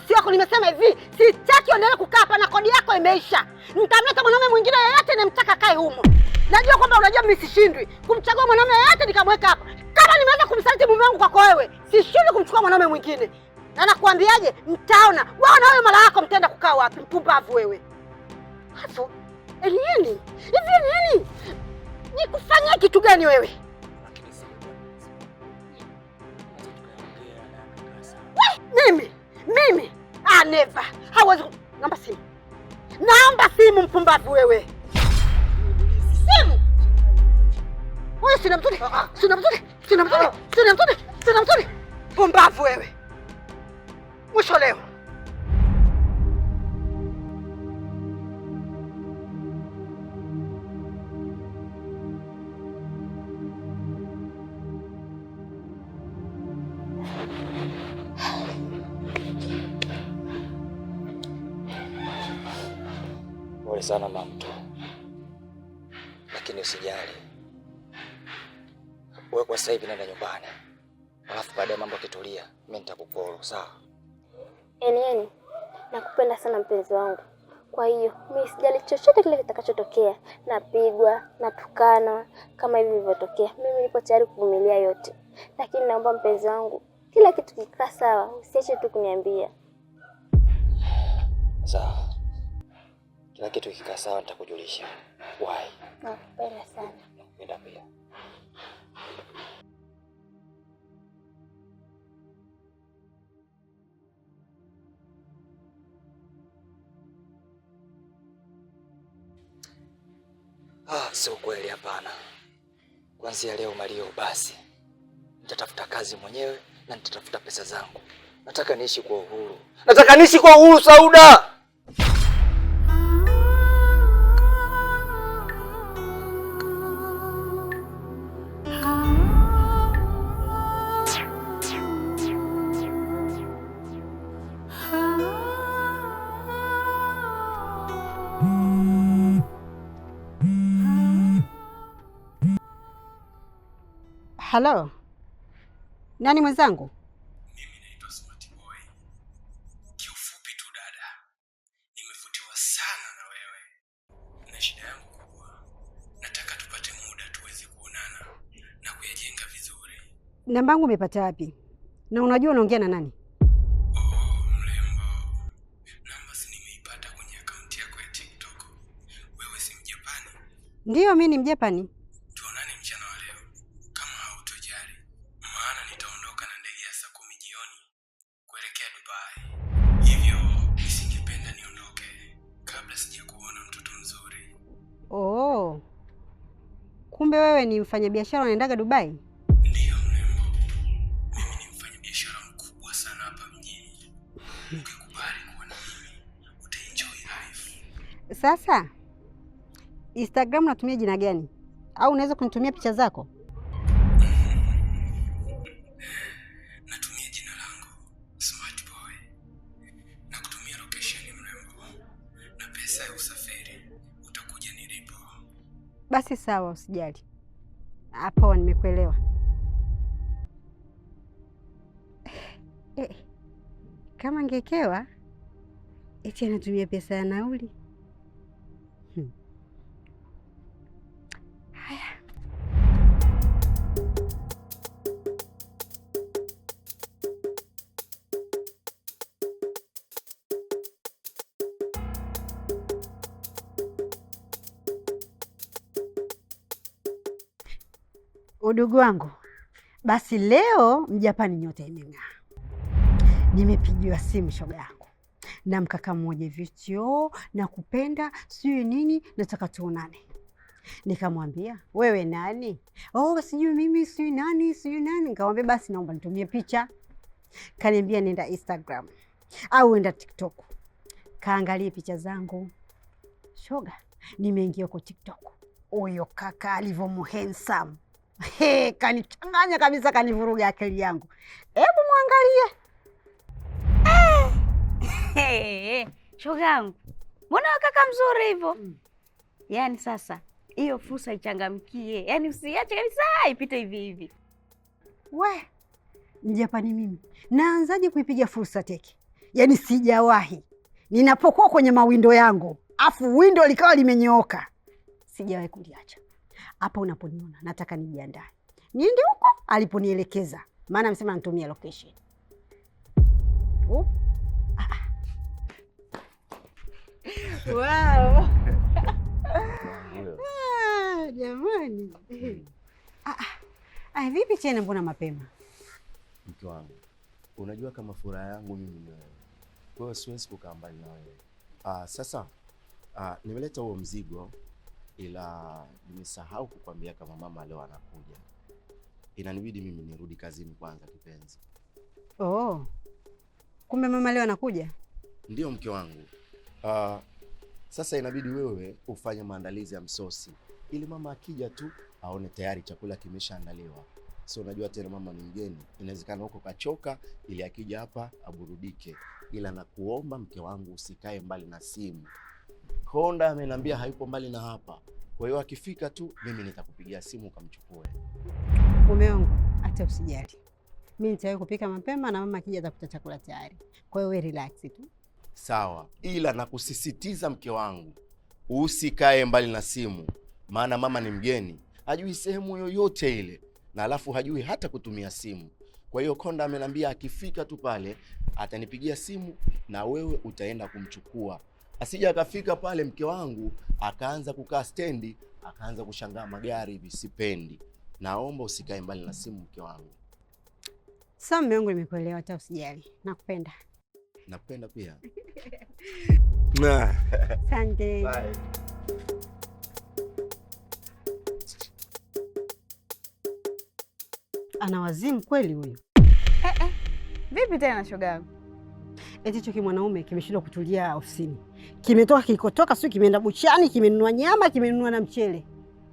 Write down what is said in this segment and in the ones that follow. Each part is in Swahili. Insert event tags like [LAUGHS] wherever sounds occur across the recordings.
bosi wako, nimesema hivi, sitaki endelee kukaa hapa na kodi yako imeisha. Nitamleta mwanaume mwingine yeyote nimtaka kae humo. Najua kwamba unajua mimi sishindwi kumchagua mwanaume yeyote nikamweka hapa. Kama nimeweza kumsaliti mume wangu kwako wewe, sishindwi kumchukua mwanaume mwingine. Na nakwambiaje, mtaona wao na huyo mara yako, mtaenda kukaa wapi? Mpumbavu wewe. Hapo elieni eh, hivi nini? Nikufanyia kitu gani wewe? Mimi mimi aneva ah, never. Hawezi. Naomba simu, naomba simu. Mpumbavu wewe! Simu wewe, sina mzuri, sina mzuri, sina mzuri, sina mzuri, sina mzuri. Mpumbavu wewe, mwisho leo. sana na mtu, lakini usijali wewe, kwa sasa hivi nenda nyumbani, alafu baada ya mambo yakitulia, mimi nitakukolo sawa? Eneni, yaani, yaani, nakupenda sana mpenzi wangu. Kwa hiyo mimi sijali chochote kile kitakachotokea, napigwa, natukana kama hivi vilivyotokea, mimi nipo tayari kuvumilia yote, lakini naomba mpenzi wangu, kila kitu kikaa sawa, usiache tu kuniambia sawa. Kila kitu kikaa sawa, nitakujulisha. Why? nakupenda sana. Nakupenda pia. Ah, sio kweli, hapana. Kuanzia leo Mario, basi nitatafuta kazi mwenyewe na nitatafuta pesa zangu. Nataka niishi kwa uhuru, nataka niishi kwa uhuru, Sauda. Halo, nani mwenzangu? Mimi naitwa Smart Boy. Kiufupi tu dada, nimevutiwa sana na wewe, na shida yangu kubwa, nataka tupate muda tuweze kuonana na kuyajenga vizuri. Namba yangu umepata wapi? Na unajua unaongea na nani? Oh, Ndiyo, mi ni Mjapani. Kumbe wewe ni mfanyabiashara unaendaga Dubai? Ndio mrembo, mimi ni mfanyabiashara mkubwa sana hapa mjini. Ukikubali kuwa na mimi utaenjoy life. Sasa Instagram unatumia jina gani? Au unaweza kunitumia picha zako? Basi sawa, usijali. Hapo nimekuelewa. Eh, kama ngekewa eti anatumia pesa ya nauli Udugu wangu, basi leo Mjapani nyota imeng'aa. Nimepigiwa simu shoga yangu na mkaka mmoja vitio na kupenda sijui nini, nataka tuonane. Nikamwambia wewe nani? Oh, sijui mimi sijui nani sijui nani. Nikamwambia basi naomba nitumie picha. Kaniambia nenda Instagram au enda TikTok kaangalie picha zangu. Shoga, nimeingia huko TikTok, huyo kaka alivyo handsome He, kanichanganya kabisa, kanivuruga akili yangu. Hebu mwangalie eh! shogangu Shoga mbona wakaka mzuri hivyo? Mm. Yaani sasa hiyo fursa ichangamkie, yaani usiache kabisa ah, ipite hivi hivi. We mjapani, mimi naanzaje kuipiga fursa teke? Yaani sijawahi ninapokuwa kwenye mawindo yangu afu windo likawa limenyooka, sijawahi kuliacha hapa unaponiona, nataka nijiandae niende huko aliponielekeza, maana amesema anatumia location. Oh. Ah, [LAUGHS] Wow. [LAUGHS] jamani ah, ah, ah. Vipi tena, mbona mapema? Mke wangu, unajua kama furaha yangu mimi ni wewe, kwa hiyo siwezi kukaa mbali na wewe. Ah, sasa ah, nimeleta huo mzigo ila nimesahau kukwambia kama mama leo anakuja. Inanibidi mimi nirudi kazini kwanza, kipenzi. Oh, kumbe mama leo anakuja? Ndio mke wangu. Uh, sasa inabidi wewe ufanye maandalizi ya msosi ili mama akija tu aone tayari chakula kimeshaandaliwa. So unajua tena mama ni mgeni, inawezekana huko kachoka, ili akija hapa aburudike. Ila nakuomba mke wangu, usikae mbali na simu Konda ameniambia hayupo mbali na hapa, kwa hiyo akifika tu mimi nitakupigia simu ukamchukue. Mume wangu, hata usijali, mimi nitawe kupika mapema na mama akija atakuta chakula tayari, kwa hiyo wewe relax tu sawa. Ila nakusisitiza mke wangu, usikae mbali na simu, maana mama ni mgeni, hajui sehemu yoyote ile, na alafu hajui hata kutumia simu. Kwa hiyo Konda ameniambia akifika tu pale atanipigia simu na wewe utaenda kumchukua asija akafika pale mke wangu akaanza kukaa stendi akaanza kushangaa magari hivi, sipendi. Naomba usikae mbali na simu, mke wangu. sa mme wangu, nimekuelewa, hata usijali, nakupenda. Nakupenda pia. [LAUGHS] Asante. Ana wazimu kweli huyu. Eh, eh. Vipi tena shoga Eti choki mwanaume kimeshindwa kutulia ofisini kimetoka kikotoka, sio kimeenda buchani, kimenunua nyama, kimenunua na mchele,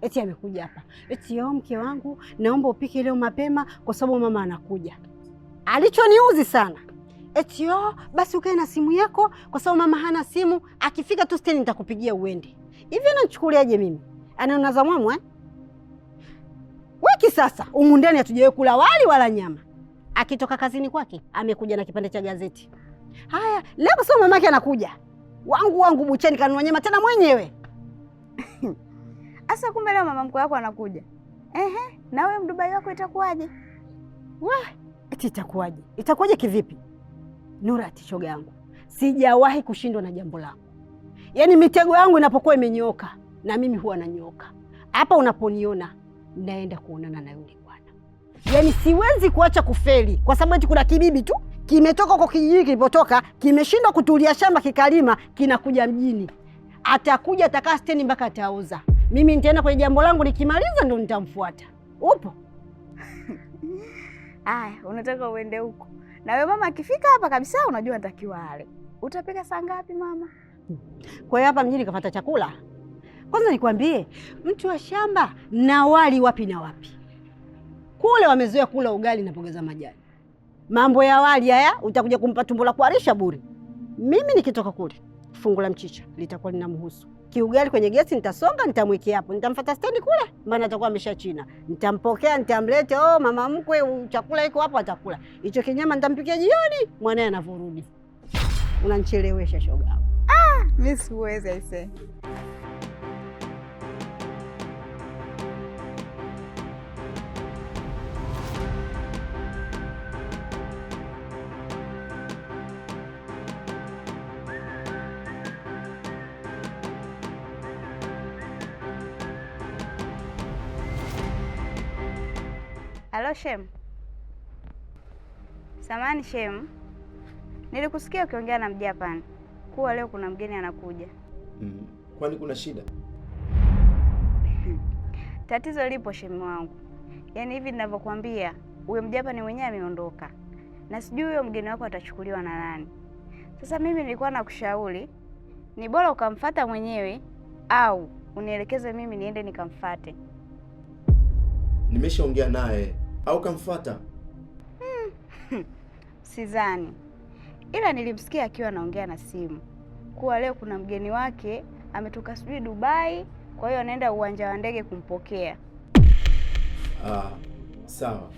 eti amekuja hapa eti yo, mke wangu, naomba upike leo mapema kwa sababu mama anakuja. Alichoniuzi sana eti yo, basi ukae na simu yako kwa sababu mama hana simu, akifika tu steni nitakupigia uende. Hivi anachukuliaje mimi? Anaona za mwamwa eh? Wiki sasa umu ndani hatujawahi kula wali wala nyama. Akitoka kazini kwake amekuja na kipande cha gazeti. Haya, leo sio sababu mamake anakuja wangu wangu bucheni kanunua nyama tena mwenyewe. [LAUGHS] Asa kumbe leo mama mkwe wako anakuja. Ehe, na wewe mdubai wako itakuwaje? eti itakuwaje? Itakuwaje kivipi? Nura ati yangu. Sijawahi kushindwa na jambo lako. Yaani mitego yangu inapokuwa imenyoka, na mimi huwa nanyoka Hapa unaponiona naenda kuonana na yule bwana. Yaani siwezi kuacha kufeli kwa sababu eti kuna kibibi tu kimetoka kwa kijiji kilipotoka, kimeshindwa kutulia shamba kikalima, kinakuja mjini. Atakuja atakaa steni mpaka atauza. Mimi nitaenda kwenye jambo langu, nikimaliza ndo nitamfuata. Upo? [LAUGHS] Aya, unataka uende huko na wewe mama? Akifika hapa kabisa, unajua natakiwa ale. Utapika saa ngapi mama? Kwa hiyo hapa mjini kafata chakula kwanza. Nikwambie, mtu wa shamba na wali wapi na wapi, kule wamezoea kula ugali na mboga za majani mambo ya wali haya, utakuja kumpa tumbo la kuharisha bure. Mimi nikitoka kule fungu la mchicha litakuwa linamhusu kiugali kwenye gesi, nitasonga nitamwekea hapo, nitamfuata stendi kule, maana atakuwa amesha china. Nitampokea, nitamleta, oh, mama mkwe, chakula iko hapo, atakula hicho kinyama. Nitampikia jioni mwanae anavyorudi. Unanichelewesha shoga. Ah, mimi siwezi aisee. Shem? Samani Shem, nilikusikia ukiongea na Mjapani kuwa leo kuna mgeni anakuja. Mm, kwani kuna shida? [LAUGHS] Tatizo lipo shemu wangu, yaani hivi ninavyokuambia, huyo Mjapani mwenyewe ameondoka na sijui huyo mgeni wako atachukuliwa na nani. Sasa mimi nilikuwa nakushauri ni bora ukamfata mwenyewe au unielekeze mimi niende nikamfate. Nimeshaongea naye au kamfuata? Hmm, [LAUGHS] sidhani, ila nilimsikia akiwa anaongea na simu kuwa leo kuna mgeni wake ametoka sijui Dubai, kwa hiyo anaenda uwanja wa ndege kumpokea. Ah, sawa.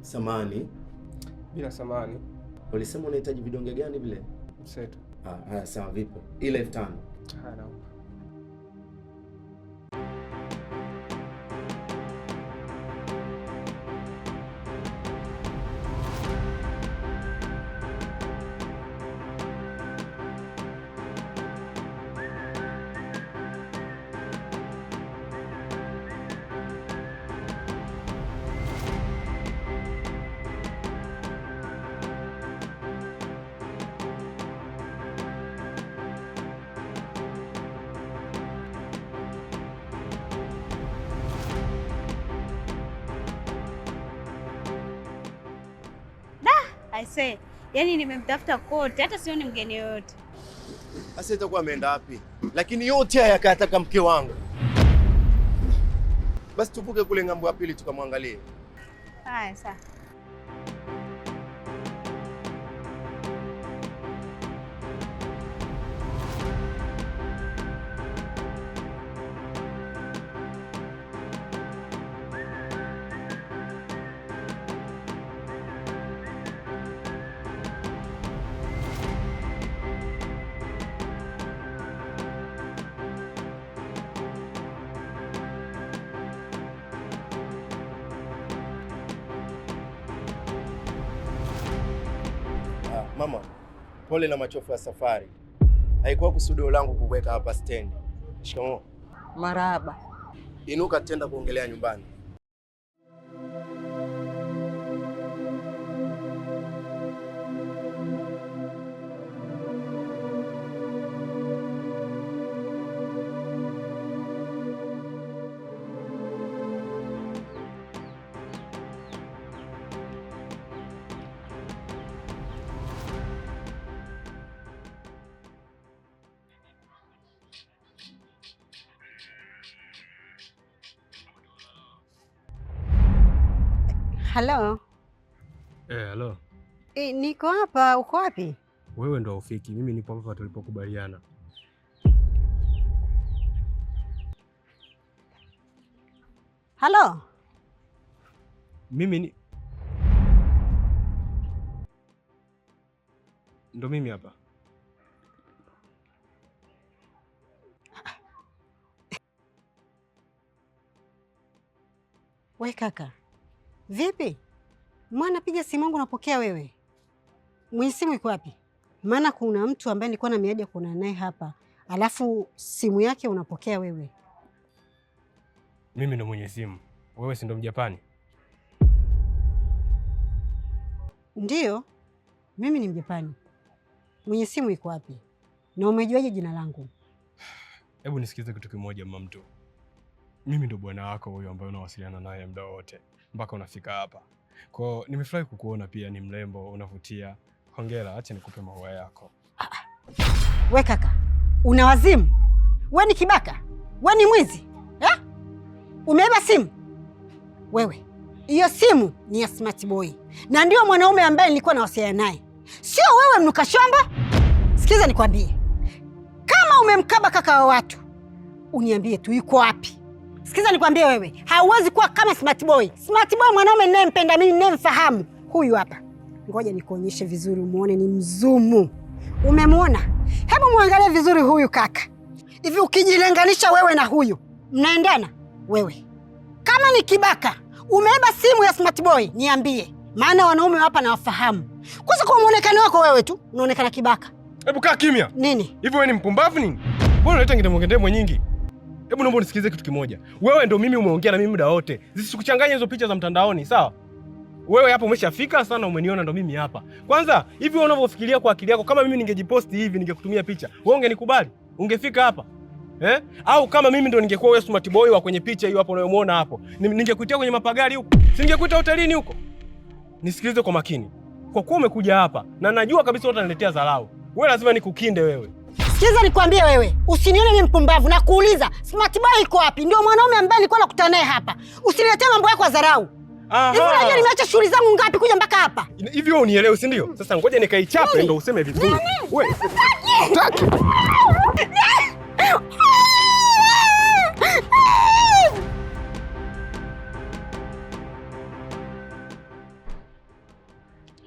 Samani bila samani, ulisema unahitaji vidonge gani vile? Mseto. Ah, haya sawa, vipo ile elfu tano. yaani nimemtafuta kote, hata sioni mgeni yoyote. Sasa itakuwa ameenda wapi? Lakini yote haya akayataka mke wangu. Basi tuvuke kule ng'ambo ya pili tukamwangalie. Haya, sawa. pole na machofu ya safari. Haikuwa kusudio langu kukuweka hapa stendi. Shikamoo. maraba Inuka, tenda kuongelea nyumbani. Halo. Eh, halo. E, eh, niko hapa. Uko wapi? Wewe ndo ufiki, mimi nipo hapa tulipokubaliana. Halo. Mimi ni ndo mimi hapa. We kaka Vipi mwana, piga simu yangu unapokea wewe? Mwenye simu iko wapi? Maana kuna mtu ambaye nilikuwa na miadi ya kuonana naye hapa, alafu simu yake unapokea wewe. Mimi ndo mwenye simu, wewe si ndo Mjapani? Ndiyo, mimi ni Mjapani. Mwenye simu iko wapi? Na umejuaje jina langu? Hebu nisikilize kitu kimoja, mama mtu. Mimi ndo bwana wako huyo ambaye unawasiliana naye muda wote mpaka unafika hapa. hiyo nimefurahi kukuona pia, ni mrembo, unavutia. Hongera, acha nikupe maua yako. We kaka, una wazimu? We ni kibaka? We ni mwizi eh? Umebeba simu wewe? Hiyo simu ni ya smart boy, na ndio mwanaume ambaye nilikuwa nawasiliana naye, sio wewe mnuka shamba. Sikiza nikwambie, kama umemkaba kaka wa watu, uniambie tu yuko wapi Sikiza nikwambie wewe, hauwezi kuwa kama smart boy. Smart boy mwanaume ninayempenda mimi, ninayemfahamu huyu hapa. Ngoja nikuonyeshe vizuri, umuone ni mzumu. Umemwona? Hebu muangalie vizuri huyu kaka. Hivi ukijilinganisha wewe na huyu, mnaendana? Wewe kama ni kibaka, umeiba simu ya smart boy, niambie, maana wanaume hapa nawafahamu. Kwanza kwa muonekano wako wewe tu unaonekana kibaka. Hebu kaa kimya. Nini hivi, wewe ni mpumbavu nini? Mbona unaleta ngidemongedemo nyingi? Hebu naomba unisikilize kitu kimoja. Wewe ndo mimi umeongea na mimi muda wote, zisikuchanganya hizo picha za mtandaoni, sawa? Wewe hapo umeshafika sana, umeniona ndo mimi hapa. Kwanza hivi wewe unavyofikiria kwa akili yako, kama mimi ningejiposti hivi, ningekutumia picha, wewe ungenikubali? Ungefika hapa eh? Au kama mimi ndo ningekuwa wewe smart boy wa kwenye picha hiyo hapo unayomuona hapo, ningekuitia kwenye mapagari huko, si ningekuita hotelini huko? Nisikilize kwa makini, kwa kuwa umekuja hapa na najua kabisa utaniletea dharau, wewe lazima nikukinde wewe Sikiliza nikwambie wewe, usinione mimi mpumbavu na kuuliza Smart Boy iko wapi? Ndio mwanaume ambaye nilikuwa nakutana naye hapa. Usiniletee mambo yako ya dharau. Hivi unajua nimeacha shughuli zangu ngapi kuja mpaka hapa? Hivi wewe unielewe, si ndio? Sasa ngoja nikaichape ndio useme vizuri. Wewe.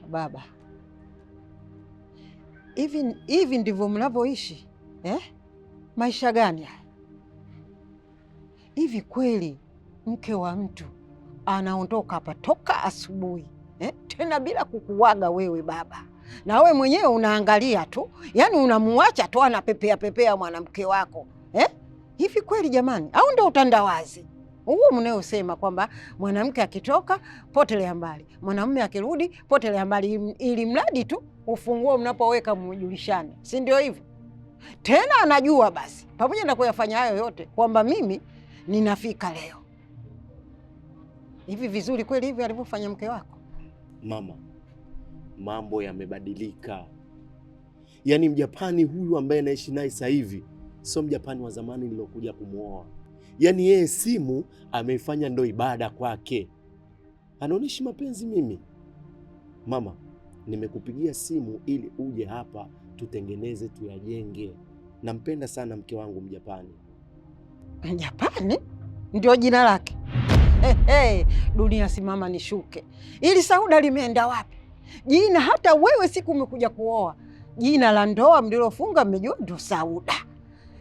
Baba hivi hivi ndivyo mnavyoishi eh? Maisha gani haya? Hivi kweli mke wa mtu anaondoka hapa toka asubuhi eh? Tena bila kukuwaga wewe baba, na we mwenyewe unaangalia tu, yaani unamuacha tu anapepea pepea mwanamke wako eh? Hivi kweli jamani, au ndo utandawazi? huo mnayosema kwamba mwanamke akitoka potelea mbali, mwanamume akirudi potelea mbali, ili mradi tu ufunguo mnapoweka mjulishane, si ndio hivyo? Tena anajua basi, pamoja na kuyafanya hayo yote, kwamba mimi ninafika leo hivi. Vizuri kweli hivi alivyofanya mke wako? Mama, mambo yamebadilika. Yaani mjapani huyu ambaye naishi naye sasa hivi sio mjapani wa zamani nilokuja kumwoa. Yaani yeye simu ameifanya ndo ibada kwake, anaonyeshi mapenzi. Mimi mama, nimekupigia simu ili uje hapa tutengeneze, tuyajenge. Nampenda sana mke wangu Mjapani. Mjapani ndio jina lake. Hey, hey, dunia simama nishuke. Ili Sauda limeenda wapi? Jina hata wewe siku umekuja kuoa, jina la ndoa mlilofunga mmejua ndo Sauda.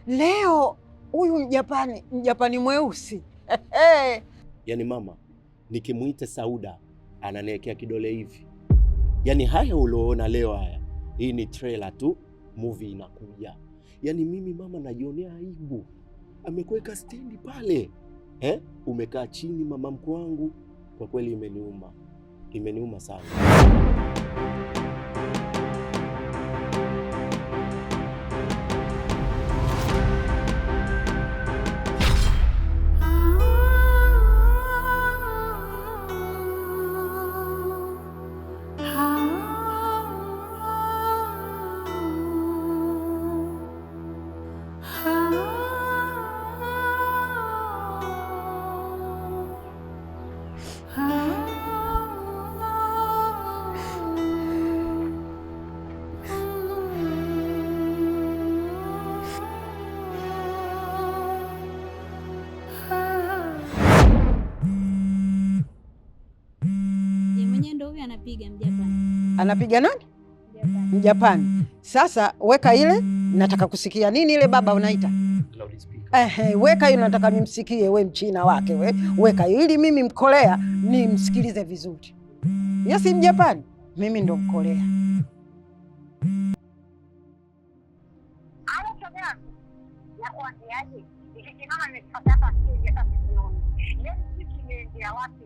Leo huyu Mjapani, Mjapani mweusi yaani mama, nikimwita Sauda ananiwekea kidole hivi. Yaani haya ulioona leo, haya hii ni trailer tu, movie inakuja. Yaani mimi mama, najionea aibu. Amekuweka stendi pale eh? Umekaa chini mama mkwangu kwa kweli imeniuma, imeniuma sana. anapiga nani? Mjapani. Sasa weka ile, nataka kusikia nini ile baba unaita Ehe, weka hiyo nataka nimsikie. We mchina wake we, weka hiyo ili mimi mkolea nimsikilize vizuri. Yesi mjapani, mimi ndo wapi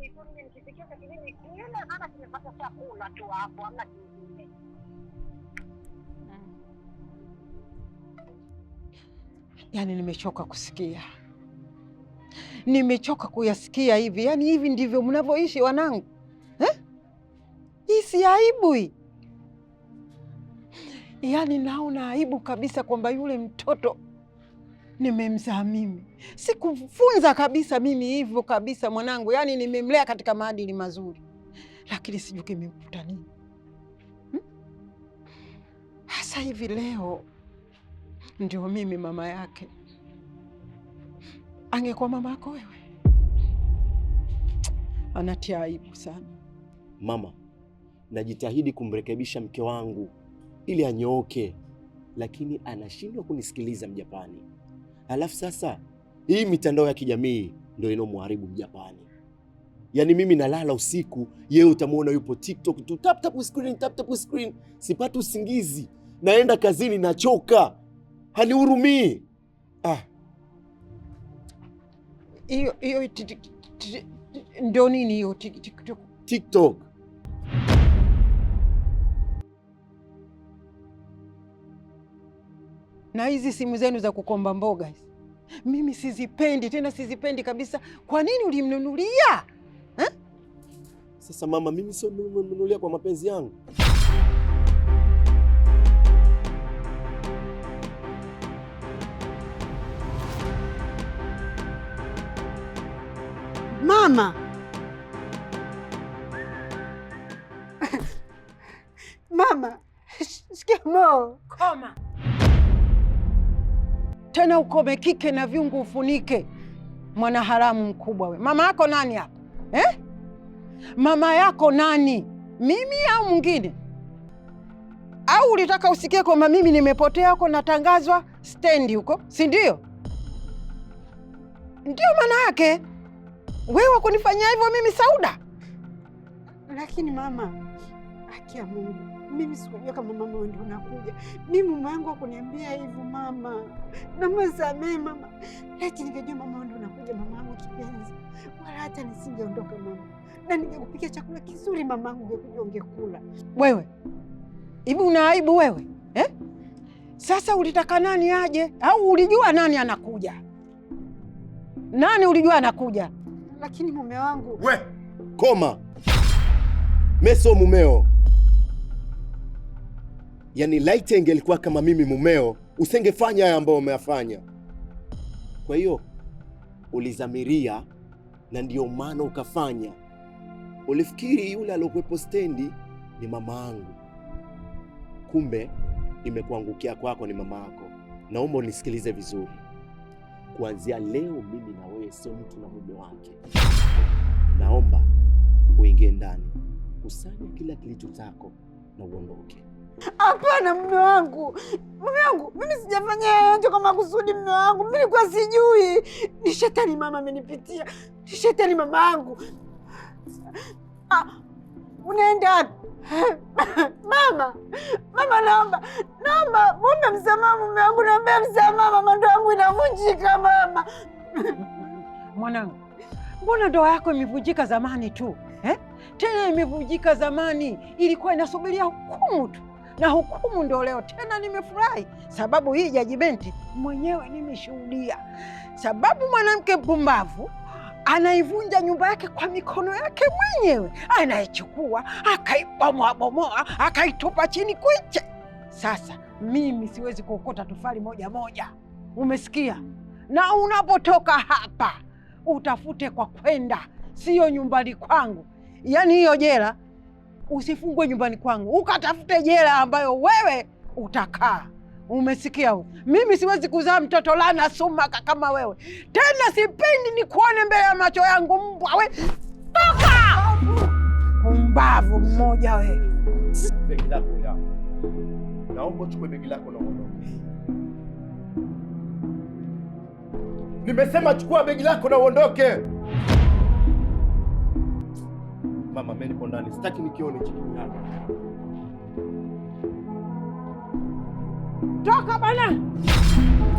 yani nikifikia maana chakula tu hapo, hamna kingine. Yaani nimechoka kusikia, nimechoka kuyasikia hivi. Yaani hivi ndivyo mnavyoishi wanangu eh? Hii si aibu hii? Yaani naona aibu kabisa kwamba yule mtoto nimemzaa mimi, sikufunza kabisa mimi hivyo kabisa mwanangu, yaani nimemlea katika maadili mazuri, lakini sijui kimekuta nini hmm? hasa hmm? hivi leo ndio mimi mama yake. Angekuwa mama yako wewe, anatia aibu sana. Mama, najitahidi kumrekebisha mke wangu ili anyooke, lakini anashindwa kunisikiliza mjapani. Alafu sasa hii mitandao ya kijamii ndio inomharibu Mjapani. Yaani mimi nalala usiku, yeye utamwona yupo TikTok tu tap tap screen, tap tap screen. Sipati usingizi, naenda kazini nachoka, hanihurumii. Ah, hiyo hiyo ndio nini hiyo TikTok? TikTok na hizi simu zenu za kukomba mboga hizi mimi sizipendi tena, sizipendi kabisa. Kwa nini ulimnunulia ha? Sasa mama, mimi sio nimemnunulia kwa mapenzi yangu. Mama, mama, shikamoo. Koma tena ukome kike na vyungu ufunike, mwana haramu mkubwa we. Mama yako nani hapa eh? Mama yako nani, mimi au mwingine? Au ulitaka usikie kwamba mimi nimepotea huko natangazwa stendi huko, si ndio? Ndio maana yake wewe kunifanyia hivyo mimi Sauda. Lakini mama, haki ya Mungu mimi sikujua kama mama wewe ndio unakuja. Mimi mama yangu akuniambia hivyo mama. Mama samee mama. Laiti ningejua mama wewe ndio unakuja mama yangu kipenzi. Wala hata nisingeondoka mama. Na ningekupikia chakula kizuri mama yangu ungekuja ungekula. Wewe. Hivi una aibu wewe? Eh? Sasa ulitaka nani aje au ulijua nani anakuja? Nani ulijua anakuja? Lakini mume wangu. We, koma. Meso mumeo. Yaani laiti ingelikuwa kama mimi mumeo, usingefanya haya ambayo umeyafanya. Kwa hiyo ulizamiria na ndiyo maana ukafanya. Ulifikiri yule aliokuwepo stendi ni mama angu, kumbe imekuangukia kwako ni mama yako. Naomba unisikilize vizuri. Kuanzia leo mimi na wewe sio mtu na mume wake. Naomba uingie ndani, kusanya kila kilicho chako na uondoke. Hapana mme wangu, mme wangu, mimi sijafanya yoyote kwa makusudi. Mme wangu, mimi nilikuwa sijui, ni shetani mama amenipitia, ni shetani mama yangu. Ah, unaenda wapi? [LAUGHS] Mama, mama, naomba naomba mume msamaha mume wangu, naombea msamaha mama, ndoa yangu inavunjika mama. Mwanangu, mbona ndoa yako imevunjika zamani tu eh? Tena imevunjika zamani, ilikuwa inasubiria hukumu tu na hukumu ndio leo tena. Nimefurahi sababu hii jajimenti mwenyewe nimeshuhudia, sababu mwanamke mpumbavu anaivunja nyumba yake kwa mikono yake mwenyewe, anaichukua akaibomoabomoa akaitupa chini kwiche. Sasa mimi siwezi kuokota tofali moja moja, umesikia? Na unapotoka hapa utafute kwa kwenda, siyo nyumbani kwangu. Yaani hiyo jela usifungwe nyumbani kwangu ukatafute jela ambayo wewe utakaa. Umesikia huko? Mimi siwezi kuzaa mtoto lana sumaka kama wewe tena, ni nikuone mbele ya macho yangu, mbwa we. Toka umbavu mmoja we. Begi lako naomba begi lako na uondoke. Nimesema chukua begi lako na uondoke mama mama nipo ndani, sitaki nikione hichi kitu Toka bana!